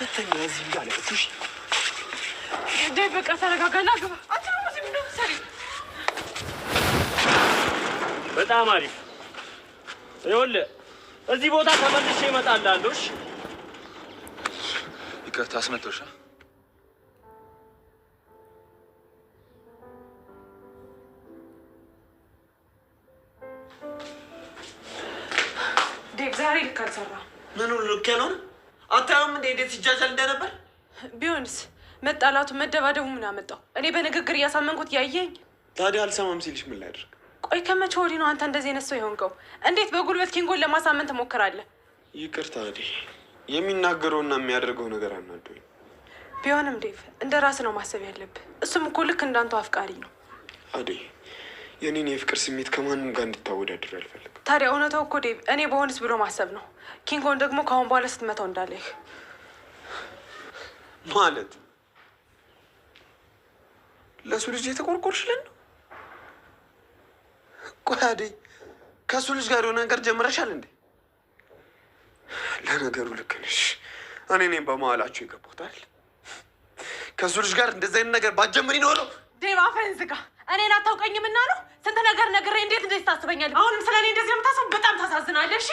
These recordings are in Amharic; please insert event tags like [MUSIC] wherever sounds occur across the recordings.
ሁለተኛ እዚህ እንዳለሽ ዳይ በቃ ተረጋጋና ግባ። በጣም አሪፍ ይኸውልህ፣ እዚህ ቦታ ተመልሼ እመጣላለሁ። እሺ፣ ይቅርታ አስመጥቶሻ ዴቭ ዛሬ ልክ አልሰራም። ምኑ ልክ አታየውም እንደ እንዴት ሲጃጃል እንደነበር ቢሆንስ መጣላቱ መደባደቡ ምን አመጣው? እኔ በንግግር እያሳመንኩት ያየኝ። ታዲያ አልሰማም ሲልሽ ምን ላድርግ? ቆይ ከመቼ ወዲህ ነው አንተ እንደዚህ አይነት ሰው የሆንከው? እንዴት በጉልበት ኪንጎን ለማሳመን ትሞክራለህ? ይቅርታ ዴ የሚናገረውና የሚያደርገው ነገር አናዶኝ። ቢሆንም ዴቭ እንደ ራስ ነው ማሰብ ያለብህ። እሱም እኮ ልክ እንዳንተው አፍቃሪ ነው አዴ የእኔን የፍቅር ስሜት ከማንም ጋር እንድታወዳድር አልፈልግም። ታዲያ እውነታው እኮ ዴቭ፣ እኔ በሆንስ ብሎ ማሰብ ነው። ኪንጎን ደግሞ ከአሁን በኋላ ስትመታው እንዳለ ማለት ለእሱ ልጅ የተቆርቆርሽልን ነው። ቆይ አደይ፣ ከእሱ ልጅ ጋር የሆነ ነገር ጀምረሻል እንዴ? ለነገሩ ልክ ነሽ። እኔ እኔም በመሀላችሁ ይገባታል። ከእሱ ልጅ ጋር እንደዚህ አይነት ነገር ባትጀምሪ ይኖረው ዴቭ። አፈንዝጋ እኔን አታውቀኝም እና ነው ስንት ነገር ነግሬ እንዴት እንደዚህ ታስበኛለህ? አሁንም ስለ እኔ እንደዚህ የምታስብ በጣም እሺ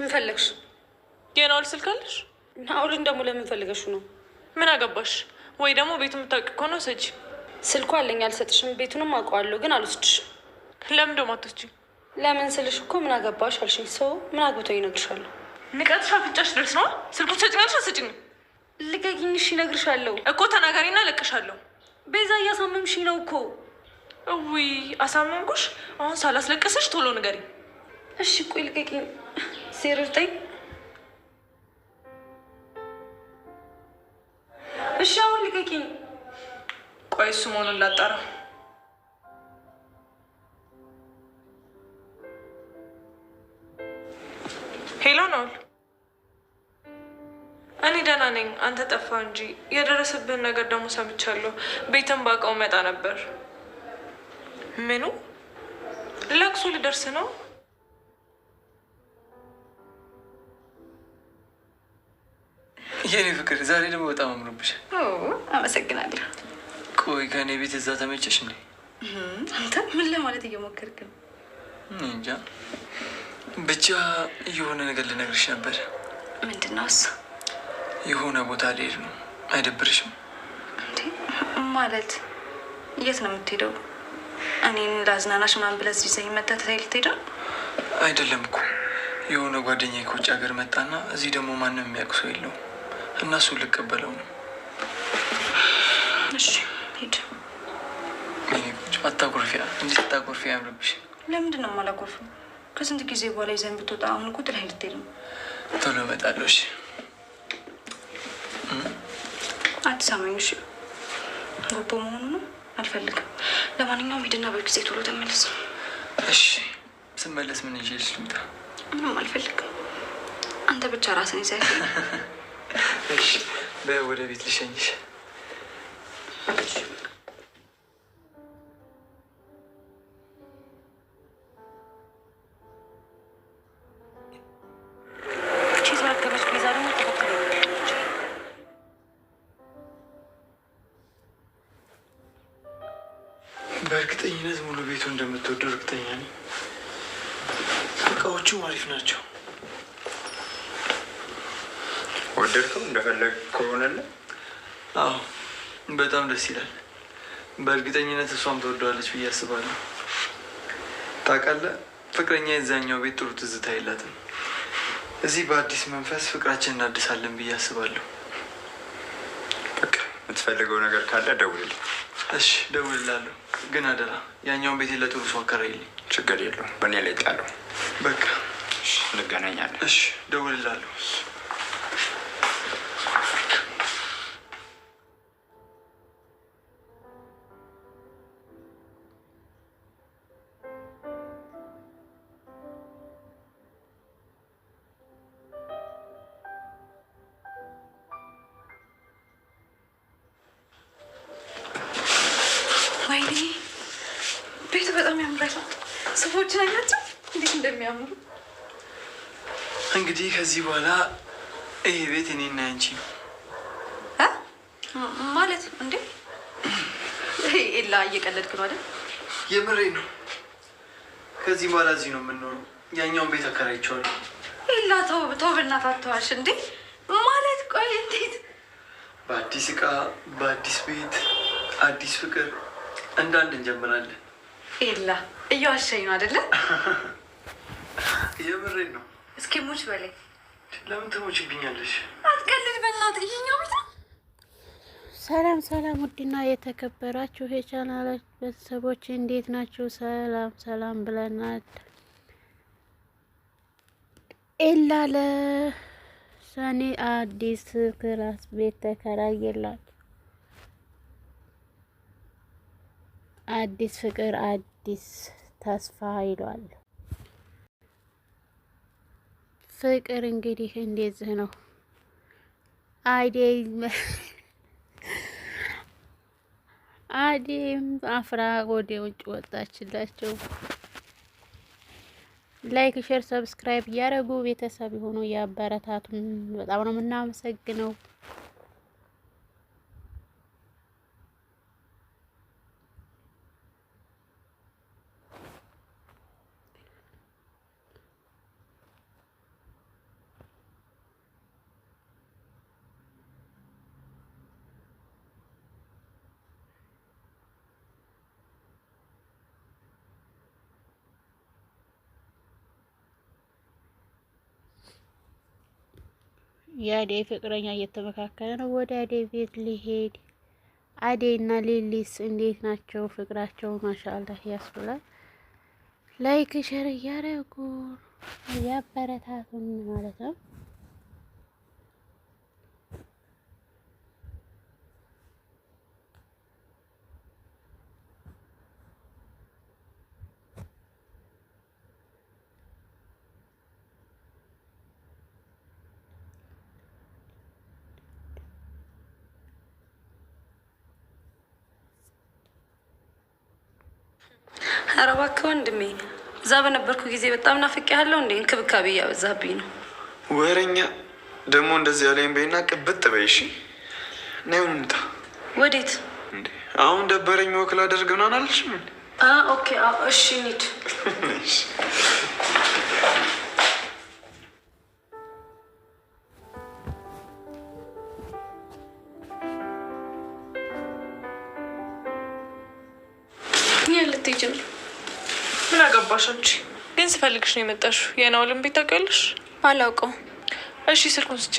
ምን ፈለግሽ? ጌናውል ስልክ አለሽ? ናኦልን ደግሞ ለምን ፈልገሽ ነው? ምን አገባሽ? ወይ ደግሞ ቤቱ የምታውቂ እኮ ነው። ሰጂ ስልኩ አለኝ አልሰጥሽም። ቤቱንም አውቀዋለሁ ግን አልወስድሽም። ለምን ደግሞ አትወስጂም? ለምን ስልሽ እኮ ምን አገባሽ አልሽኝ። ሰው ምን አግብቶ ይነግርሻለሁ። ንቀትሽ አፍንጫሽ ድረስ ነዋ። ስልኩን ሰጭኛልሽ አሰጭኝ ልቀቂኝሽ። ይነግርሻለሁ እኮ ተናጋሪና ለቅሻለሁ። ቤዛ እያሳመምሽኝ ነው እኮ። እዊ አሳመምኩሽ። አሁን ሳላስለቀሰሽ ቶሎ ንገሪ እሺ። ቆይ ልቀቂኝ። ዜሮ ዘጠኝ እሺ አሁን ልቀቂኝ። ቆይ እሱ መሆኑን ላጣራ። ሄሎ ነው እኔ ደህና ነኝ። አንተ ጠፋ እንጂ የደረሰብህን ነገር ደግሞ ሰምቻለሁ። ቤትን ባውቀው መጣ ነበር። ምኑ ለቅሶ ልደርስ ነው የኔ ፍቅር ዛሬ ደግሞ በጣም አምሮብሽ። አመሰግናለሁ። ቆይ ከእኔ ቤት እዛ ተመቸሽ እንዴ? አንተ ምን ለማለት እየሞከርክ ነው? እንጃ ብቻ የሆነ ነገር ልነግርሽ ነበር። ምንድን ነው እሱ? የሆነ ቦታ ልሄድ ነው። አይደብርሽም እንዴ? ማለት የት ነው የምትሄደው? እኔን ለአዝናናሽ ምናምን ብለህ እዚህ ይዘኝ መጣ ተሳይ አይደለም እኮ የሆነ ጓደኛ ከውጭ ሀገር መጣና እዚህ ደግሞ ማንም የሚያውቅ ሰው የለውም እነሱ ልቀበለው ነው። እሺ ሂድ። አታጎርፊያ፣ እንዴት አታጎርፊ? ያምርብሽ። ለምንድን ነው ከስንት ጊዜ በኋላ ይዘን ብትወጣ፣ አሁን እኮ ጥላኝ ልትሄድ ነው። ቶሎ እመጣለሁ። እሺ መሆኑ ነው አልፈልግም። ለማንኛውም ሂድና በጊዜ ቶሎ ተመለስ። እሺ ስመለስ ምን ልምጣ? ምንም አልፈልግም። አንተ ብቻ ራስን ይዘህ [LAUGHS] ወደ ቤት ልሸኝሽ። በእርግጠኝነት ሙሉ ቤቱ እንደምትወደው እርግጠኛ ነኝ። እቃዎቹም አሪፍ ናቸው። ወደድከው እንደፈለግ ከሆነለ አዎ በጣም ደስ ይላል። በእርግጠኝነት እሷም ትወደዋለች ብዬ አስባለሁ። ታውቃለህ፣ ፍቅረኛ የዛኛው ቤት ጥሩ ትዝታ የላትም። እዚህ በአዲስ መንፈስ ፍቅራችን እናድሳለን ብዬ አስባለሁ። በቃ የምትፈልገው ነገር ካለ ደውልልኝ። እሺ ደውልላለሁ፣ ግን አደራ ያኛውን ቤት ለጥሩ ሰው አከራይልኝ። ችግር የለውም፣ በእኔ ላይ ጣለው። በቃ እንገናኛለን። እሺ ደውልላለሁ። ጫማዎችን አያቸው እንዴት እንደሚያምሩ። እንግዲህ ከዚህ በኋላ ይሄ ቤት እኔና ያንቺ ነው ማለት ነው እንዴ? ኤላ እየቀለድክ ነው አይደል? የምሬ ነው። ከዚህ በኋላ እዚህ ነው የምንኖረው። ያኛውን ቤት አከራይቼዋለሁ። ኤላ ተው ተው፣ በእናትህ አትዋሽ እንዴ! ማለት ቆይ እንዴት በአዲስ እቃ፣ በአዲስ ቤት፣ አዲስ ፍቅር እንዳንድ እንጀምራለን። ኤላ እየዋሸኝ ነው አይደለ? የምሬን ነው። እስኪ ሙች ለምን ትሞችብኛለሽ? አትቀልድ በእናትህ። ይሄኛው ሰላም ሰላም፣ ውድና የተከበራችሁ የቻናላች ቤተሰቦች እንዴት ናችሁ? ሰላም ሰላም ብለናል። ኤላ ለሰኒ አዲስ ክራስ ቤት ተከራየላት። አዲስ ፍቅር፣ አዲስ አዲስ ተስፋ ይሏል። ፍቅር እንግዲህ እንደዚህ ነው። አዴይ አዴም አፍራ ወደ ውጭ ወጣችላቸው። ላይክ፣ ሼር፣ ሰብስክራይብ እያደረጉ ቤተሰብ የሆኑ የአበረታቱን በጣም ነው የምናመሰግነው። የአደይ ፍቅረኛ እየተመካከለ ነው። ወደ አደይ ቤት ሊሄድ አደይ እና ሊሊስ እንዴት ናቸው? ፍቅራቸው ማሻአላህ ያስብላል። ላይክ ሸር እያረጉ እያበረታቱን ማለት ነው። ኧረ እባክህ ወንድሜ እዛ በነበርኩ ጊዜ በጣም ያለው እንዴ እንክብካቤ እያበዛብኝ ነው። ወረኛ ደግሞ እንደዚህ ያለኝ በይና ቅብጥ በይ እሺ። ነይ እንምጣ። ወዴት? አሁን ደበረኝ ወክል አደርግ ምናምን አልሽም። ኦኬ እሺ እንሂድ። ልትሄጂ ነው? ምን አገባሽ አንቺ? ግን ስፈልግሽ ነው የመጣሽው። የናውልን ቤት ታውቂያለሽ? አላውቀው። እሺ ስልኩን ስጭ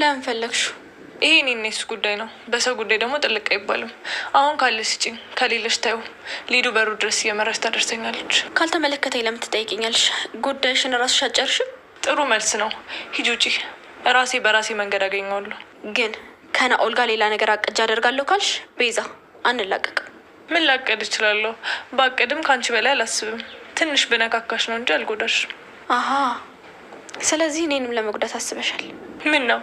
ለምን ፈለግሽው? ይሄ እኔ ጉዳይ ነው። በሰው ጉዳይ ደግሞ ጥልቅ አይባልም። አሁን ካለ ስጪኝ፣ ከሌለሽ ታዩ ሊዱ በሩ ድረስ እየመራች ታደርሰኛለች። ካልተመለከተኝ ለምን ትጠይቀኛለሽ? ጉዳይሽን ራስሽ አጨርሽም። ጥሩ መልስ ነው። ሂጂ ውጪ። ራሴ በራሴ መንገድ አገኘዋለሁ። ግን ከናኦል ጋር ሌላ ነገር አቅጃ አደርጋለሁ ካልሽ ቤዛ አንላቀቅም። ምን ላቀድ እችላለሁ? በአቅድም ከአንቺ በላይ አላስብም። ትንሽ ብነካካሽ ነው እንጂ አልጎዳሽ። አሀ ስለዚህ እኔንም ለመጉዳት አስበሻል። ምን ነው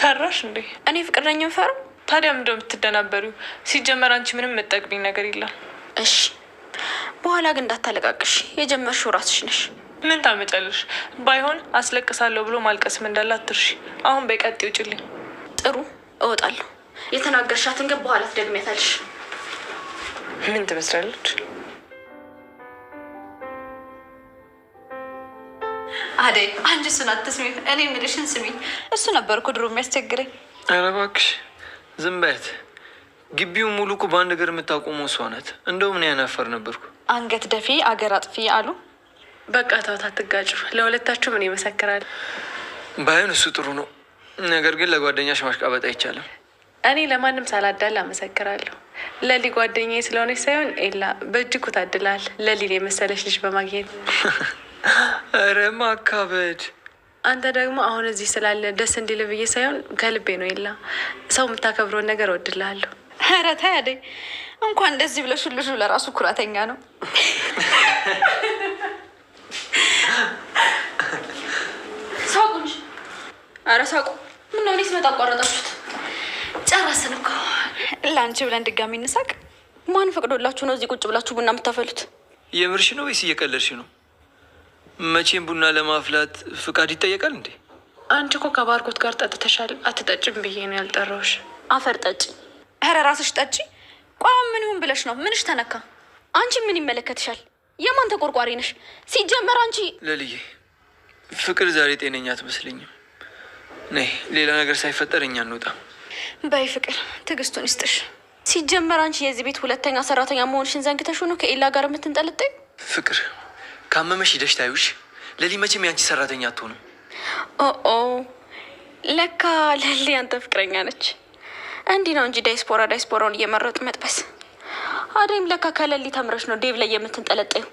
ፈራሽ እንዴ? እኔ ፍቅረኛም ፈራ። ታዲያ ምንድነው የምትደናበሪው? ሲጀመር አንቺ ምንም የምጠቅሚኝ ነገር የለም። እሺ በኋላ ግን እንዳታለቃቅሽ፣ የጀመርሽው ራስሽ ነሽ። ምን ታመጫለሽ? ባይሆን አስለቅሳለሁ ብሎ ማልቀስም እንዳለ አትርሺ። አሁን በቀጥ ይውጭልኝ። ጥሩ እወጣለሁ። የተናገርሻትን ግን በኋላ ትደግሜታለሽ። ምን ትመስላለች? አደይ አንቺ እሱን አትስሚ፣ እኔ የምልሽን ስሚ። እሱ ነበር እኮ ድሮ የሚያስቸግረኝ። ኧረ እባክሽ ዝም በያት። ግቢውን ሙሉ እኮ በአንድ እግር የምታቆመው እሷ ናት። እንደውም እኔ ያናፈር ነበርኩ። አንገት ደፊ አገር አጥፊ አሉ። በቃ ተዋት፣ አትጋጩ። ለሁለታችሁ ምን ይመሰክራል። ባይሆን እሱ ጥሩ ነው፣ ነገር ግን ለጓደኛሽ ማሽቃበጥ አይቻልም። እኔ ለማንም ሳላዳል አመሰክራለሁ። ለሊ ጓደኛዬ ስለሆነች ሳይሆን ኤላ በእጅጉ ታድላል። ለሊን የመሰለች ልጅ በማግኘት [LAUGHS] እረ ማካበድ አንተ ደግሞ አሁን እዚህ ስላለ ደስ እንዲል ብዬ ሳይሆን ከልቤ ነው። የላ ሰው የምታከብረውን ነገር እወድልሃለሁ። ኧረ ተይ አደይ፣ እንኳን እንደዚህ ብለሽ ልጁ ለራሱ ኩራተኛ ነው። [LAUGHS] ሳቁ! ኧረ ሳቁ! ምነው እኔ ስመጣ አቋረጣችሁት? ጨረስን እኮ ለአንቺ ብለን ድጋሚ እንሳቅ። ማን ፈቅዶላችሁ ነው እዚህ ቁጭ ብላችሁ ቡና የምታፈሉት? የምርሽ ነው ወይስ እየቀለድሽ ነው? መቼም ቡና ለማፍላት ፍቃድ ይጠየቃል እንዴ? አንቺ እኮ ከባርኮት ጋር ጠጥተሻል። አትጠጭም ብዬ ነው ያልጠራሁሽ። አፈር ጠጭ ኧረ ራስሽ ጠጪ። ቋም ምን ይሁን ብለሽ ነው? ምንሽ ተነካ? አንቺ ምን ይመለከትሻል? የማን ተቆርቋሪ ነሽ? ሲጀመር አንቺ ለልዬ ፍቅር ዛሬ ጤነኛ አትመስለኝም። ነይ ሌላ ነገር ሳይፈጠር እኛ እንውጣ። በይ ፍቅር ትዕግስቱን ይስጥሽ። ሲጀመር አንቺ የዚህ ቤት ሁለተኛ ሰራተኛ መሆንሽን ዘንግተሽ ሆኖ ከኤላ ጋር የምትንጠልጠኝ ፍቅር፣ ካመመሽ ሂደሽ ታዩሽ። ለሊ መቼም የአንቺ ሰራተኛ አትሆንም። ኦኦ ለካ ለሊ አንተ ፍቅረኛ ነች። እንዲህ ነው እንጂ ዳይስፖራ ዳይስፖራውን እየመረጡ መጥበስ። አደይም ለካ ከለሊ ተምረሽ ነው ዴቭ ላይ የምትንጠለጠዩ።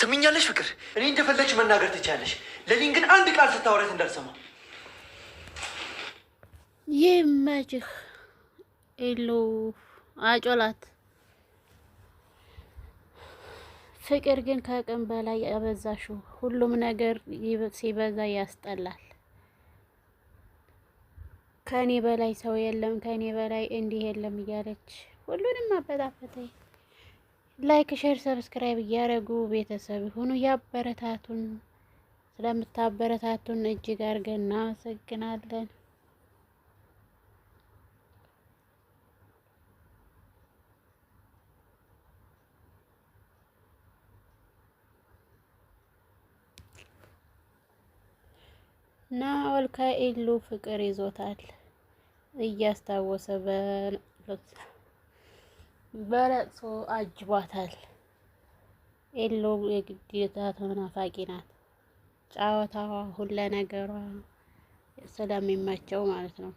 ትምኛለሽ ፍቅር፣ እኔ እንደፈለግሽ መናገር ትቻለሽ። ለሊን ግን አንድ ቃል ስታወረት እንዳልሰማ ይመችህ። ኤሎ አጮላት ፍቅር ግን ከአቅም በላይ አበዛሹ ሁሉም ነገር ሲበዛ ያስጠላል። ከኔ በላይ ሰው የለም፣ ከኔ በላይ እንዲህ የለም እያለች ሁሉንም አበጣበጠኝ። ላይክ ሼር ሰብስክራይብ እያደረጉ ቤተሰብ ሁኑ። ያበረታቱን። ስለምታበረታቱን እጅግ አድርገን እናመሰግናለን። ናኦል ከኢሉ ፍቅር ይዞታል። እያስታወሰ በለቅሶ አጅቧታል። ኢሉ የግዴታ ተናፋቂ ናት። ጨዋታዋ፣ ሁለ ነገሯ ስለሚመቸው ማለት ነው።